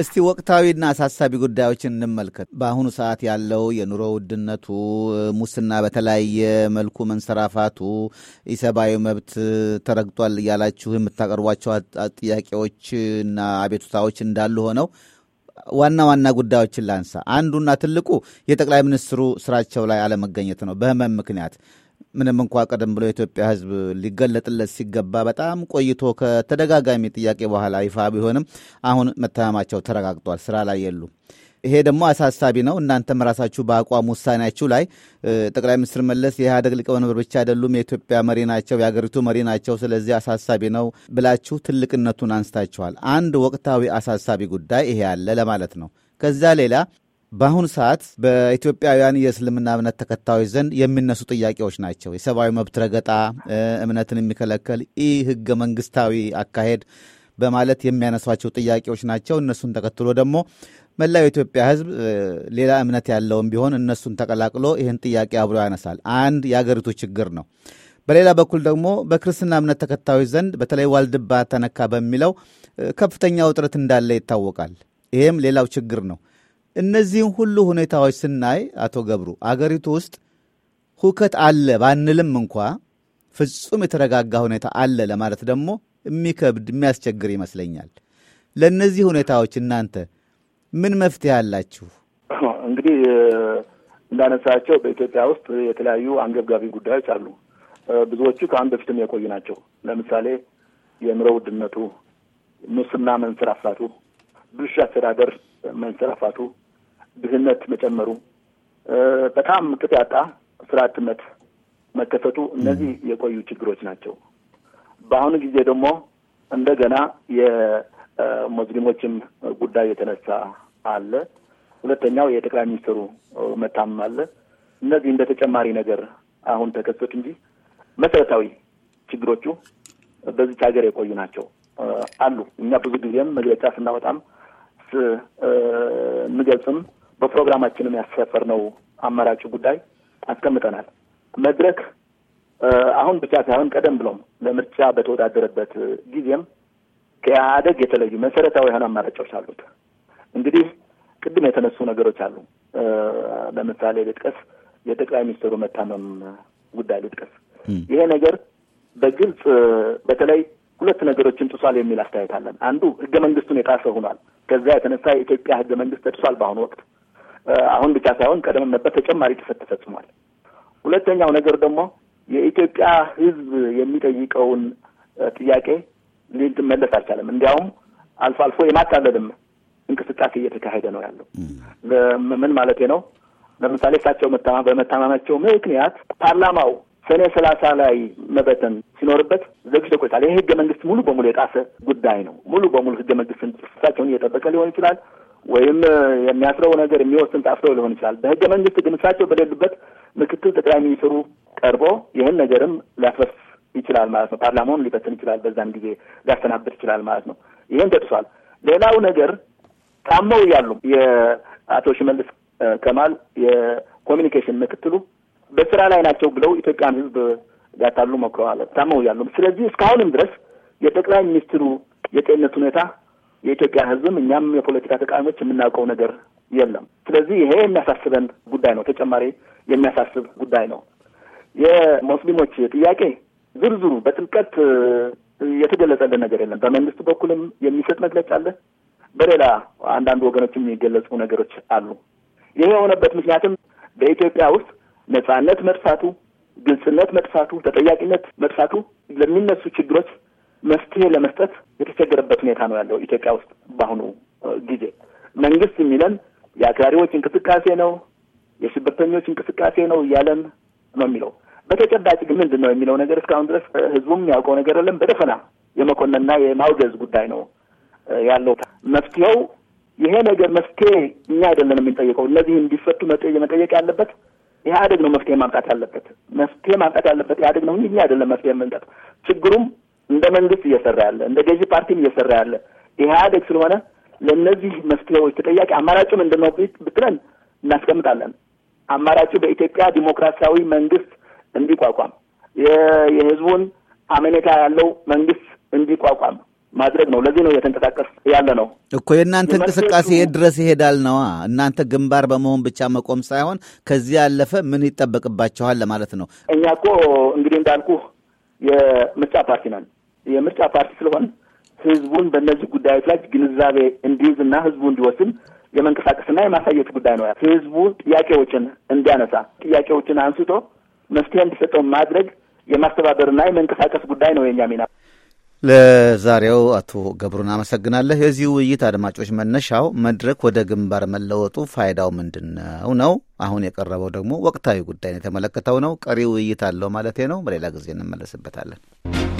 እስቲ ወቅታዊና አሳሳቢ ጉዳዮችን እንመልከት። በአሁኑ ሰዓት ያለው የኑሮ ውድነቱ፣ ሙስና በተለያየ መልኩ መንሰራፋቱ፣ ኢሰብአዊ መብት ተረግጧል እያላችሁ የምታቀርቧቸው ጥያቄዎችና አቤቱታዎች እንዳሉ ሆነው ዋና ዋና ጉዳዮችን ላንሳ። አንዱና ትልቁ የጠቅላይ ሚኒስትሩ ስራቸው ላይ አለመገኘት ነው በህመም ምክንያት ምንም እንኳ ቀደም ብሎ የኢትዮጵያ ሕዝብ ሊገለጥለት ሲገባ በጣም ቆይቶ ከተደጋጋሚ ጥያቄ በኋላ ይፋ ቢሆንም አሁን መታመማቸው ተረጋግጧል። ስራ ላይ የሉ። ይሄ ደግሞ አሳሳቢ ነው። እናንተም ራሳችሁ በአቋም ውሳኔያችሁ ላይ ጠቅላይ ሚኒስትር መለስ የኢህአደግ ሊቀመንበር ብቻ አይደሉም፣ የኢትዮጵያ መሪ ናቸው፣ የሀገሪቱ መሪ ናቸው። ስለዚህ አሳሳቢ ነው ብላችሁ ትልቅነቱን አንስታችኋል። አንድ ወቅታዊ አሳሳቢ ጉዳይ ይሄ ያለ ለማለት ነው። ከዛ ሌላ በአሁኑ ሰዓት በኢትዮጵያውያን የእስልምና እምነት ተከታዮች ዘንድ የሚነሱ ጥያቄዎች ናቸው። የሰብአዊ መብት ረገጣ፣ እምነትን የሚከለከል ኢ ህገ መንግስታዊ አካሄድ በማለት የሚያነሷቸው ጥያቄዎች ናቸው። እነሱን ተከትሎ ደግሞ መላው የኢትዮጵያ ህዝብ ሌላ እምነት ያለውም ቢሆን እነሱን ተቀላቅሎ ይህን ጥያቄ አብሎ ያነሳል። አንድ የአገሪቱ ችግር ነው። በሌላ በኩል ደግሞ በክርስትና እምነት ተከታዮች ዘንድ በተለይ ዋልድባ ተነካ በሚለው ከፍተኛ ውጥረት እንዳለ ይታወቃል። ይህም ሌላው ችግር ነው። እነዚህን ሁሉ ሁኔታዎች ስናይ አቶ ገብሩ አገሪቱ ውስጥ ሁከት አለ ባንልም እንኳ ፍጹም የተረጋጋ ሁኔታ አለ ለማለት ደግሞ የሚከብድ የሚያስቸግር ይመስለኛል። ለእነዚህ ሁኔታዎች እናንተ ምን መፍትሄ አላችሁ? እንግዲህ እንዳነሳቸው በኢትዮጵያ ውስጥ የተለያዩ አንገብጋቢ ጉዳዮች አሉ። ብዙዎቹ ከአሁን በፊትም የቆዩ ናቸው። ለምሳሌ የኑሮ ውድነቱ፣ ሙስና መንሰራፋቱ፣ ብልሹ አስተዳደር መንሰራፋቱ፣ ድህነት መጨመሩ፣ በጣም ቅጥ ያጣ ስራ አጥነት መከሰቱ፣ እነዚህ የቆዩ ችግሮች ናቸው። በአሁኑ ጊዜ ደግሞ እንደገና የሙስሊሞችም ጉዳይ የተነሳ አለ። ሁለተኛው የጠቅላይ ሚኒስትሩ መታመም አለ። እነዚህ እንደ ተጨማሪ ነገር አሁን ተከሰቱ እንጂ መሰረታዊ ችግሮቹ በዚች ሀገር የቆዩ ናቸው አሉ። እኛ ብዙ ጊዜም መግለጫ ስናወጣም እንገልጽም በፕሮግራማችንም ያሰፈርነው አማራጩ ጉዳይ አስቀምጠናል። መድረክ አሁን ብቻ ሳይሆን ቀደም ብሎም ለምርጫ በተወዳደረበት ጊዜም ከኢህአደግ የተለዩ መሰረታዊ የሆኑ አማራጮች አሉት። እንግዲህ ቅድም የተነሱ ነገሮች አሉ። ለምሳሌ ልጥቀስ፣ የጠቅላይ ሚኒስትሩ መታመም ጉዳይ ልጥቀስ። ይሄ ነገር በግልጽ በተለይ ሁለት ነገሮችን ጥሷል የሚል አስተያየት አለን። አንዱ ህገ መንግስቱን የጣሰ ሆኗል። ከዛ የተነሳ የኢትዮጵያ ህገ መንግስት ተጥሷል በአሁኑ ወቅት አሁን ብቻ ሳይሆን ቀደም ነበር ተጨማሪ ጥፈት ተፈጽሟል። ሁለተኛው ነገር ደግሞ የኢትዮጵያ ሕዝብ የሚጠይቀውን ጥያቄ ልንመለስ አልቻለም። እንዲያውም አልፎ አልፎ የማታለልም እንቅስቃሴ እየተካሄደ ነው ያለው። ምን ማለቴ ነው? ለምሳሌ እሳቸው በመታማማቸው ምክንያት ፓርላማው ሰኔ ሰላሳ ላይ መበተን ሲኖርበት ዘግይቶ ቆይቷል። ይህ ህገ መንግስት ሙሉ በሙሉ የጣሰ ጉዳይ ነው። ሙሉ በሙሉ ህገ መንግስትን እሳቸውን እየጠበቀ ሊሆን ይችላል ወይም የሚያስረው ነገር የሚወስን ጣፍረው ሊሆን ይችላል። በህገ መንግስት ግን እሳቸው በሌሉበት ምክትል ጠቅላይ ሚኒስትሩ ቀርቦ ይህን ነገርም ሊያስፈስ ይችላል ማለት ነው። ፓርላማውን ሊበትን ይችላል። በዛን ጊዜ ሊያሰናብት ይችላል ማለት ነው። ይህን ደርሷል። ሌላው ነገር ታመው ያሉ የአቶ ሽመልስ ከማል የኮሚኒኬሽን ምክትሉ በስራ ላይ ናቸው ብለው ኢትዮጵያን ህዝብ ሊያታሉ ሞክረዋል። ታመው እያሉ ስለዚህ እስካሁንም ድረስ የጠቅላይ ሚኒስትሩ የጤንነት ሁኔታ የኢትዮጵያ ሕዝብም እኛም የፖለቲካ ተቃዋሚዎች የምናውቀው ነገር የለም። ስለዚህ ይሄ የሚያሳስበን ጉዳይ ነው። ተጨማሪ የሚያሳስብ ጉዳይ ነው። የሙስሊሞች ጥያቄ ዝርዝሩ በጥልቀት የተገለጸልን ነገር የለም። በመንግስት በኩልም የሚሰጥ መግለጫ አለ። በሌላ አንዳንድ ወገኖች የሚገለጹ ነገሮች አሉ። ይሄ የሆነበት ምክንያትም በኢትዮጵያ ውስጥ ነጻነት መጥፋቱ፣ ግልጽነት መጥፋቱ፣ ተጠያቂነት መጥፋቱ ለሚነሱ ችግሮች መፍትሄ ለመስጠት የተቸገረበት ሁኔታ ነው ያለው ኢትዮጵያ ውስጥ በአሁኑ ጊዜ። መንግስት የሚለን የአክራሪዎች እንቅስቃሴ ነው፣ የሽብርተኞች እንቅስቃሴ ነው እያለን ነው የሚለው። በተጨባጭ ግን ምንድን ነው የሚለው ነገር እስካሁን ድረስ ህዝቡም ያውቀው ነገር የለም። በደፈና የመኮንንና የማውገዝ ጉዳይ ነው ያለው። መፍትሄው ይሄ ነገር መፍትሄ እኛ አይደለን የምንጠይቀው። እነዚህ እንዲፈቱ መጠየቅ ያለበት ኢህአዴግ ነው። መፍትሄ ማምጣት ያለበት መፍትሄ ማምጣት ያለበት ኢህአደግ ነው እንጂ እኛ አይደለም መፍትሄ የምንጠጥ ችግሩም እንደ መንግስት እየሰራ ያለ እንደ ገዢ ፓርቲም እየሰራ ያለ ኢህአዴግ ስለሆነ ለእነዚህ መፍትሄዎች ተጠያቂ አማራጩ ምንድን ነው ብትለን እናስቀምጣለን። አማራጩ በኢትዮጵያ ዲሞክራሲያዊ መንግስት እንዲቋቋም የህዝቡን አመኔታ ያለው መንግስት እንዲቋቋም ማድረግ ነው። ለዚህ ነው እየተንቀሳቀስ ያለ ነው እኮ የእናንተ እንቅስቃሴ የት ድረስ ይሄዳል ነዋ። እናንተ ግንባር በመሆን ብቻ መቆም ሳይሆን ከዚህ ያለፈ ምን ይጠበቅባቸዋል ለማለት ነው። እኛ እኮ እንግዲህ እንዳልኩ የምርጫ ፓርቲ ነን። የምርጫ ፓርቲ ስለሆን ህዝቡን በእነዚህ ጉዳዮች ላይ ግንዛቤ እንዲይዝና ህዝቡ እንዲወስን የመንቀሳቀስና የማሳየት ጉዳይ ነው። ህዝቡ ጥያቄዎችን እንዲያነሳ ጥያቄዎችን አንስቶ መፍትሄ እንዲሰጠው ማድረግ የማስተባበርና የመንቀሳቀስ ጉዳይ ነው የኛ ሚና። ለዛሬው አቶ ገብሩን አመሰግናለሁ። የዚህ ውይይት አድማጮች መነሻው መድረክ ወደ ግንባር መለወጡ ፋይዳው ምንድን ነው ነው። አሁን የቀረበው ደግሞ ወቅታዊ ጉዳይን የተመለከተው ነው። ቀሪ ውይይት አለው ማለት ነው። በሌላ ጊዜ እንመለስበታለን።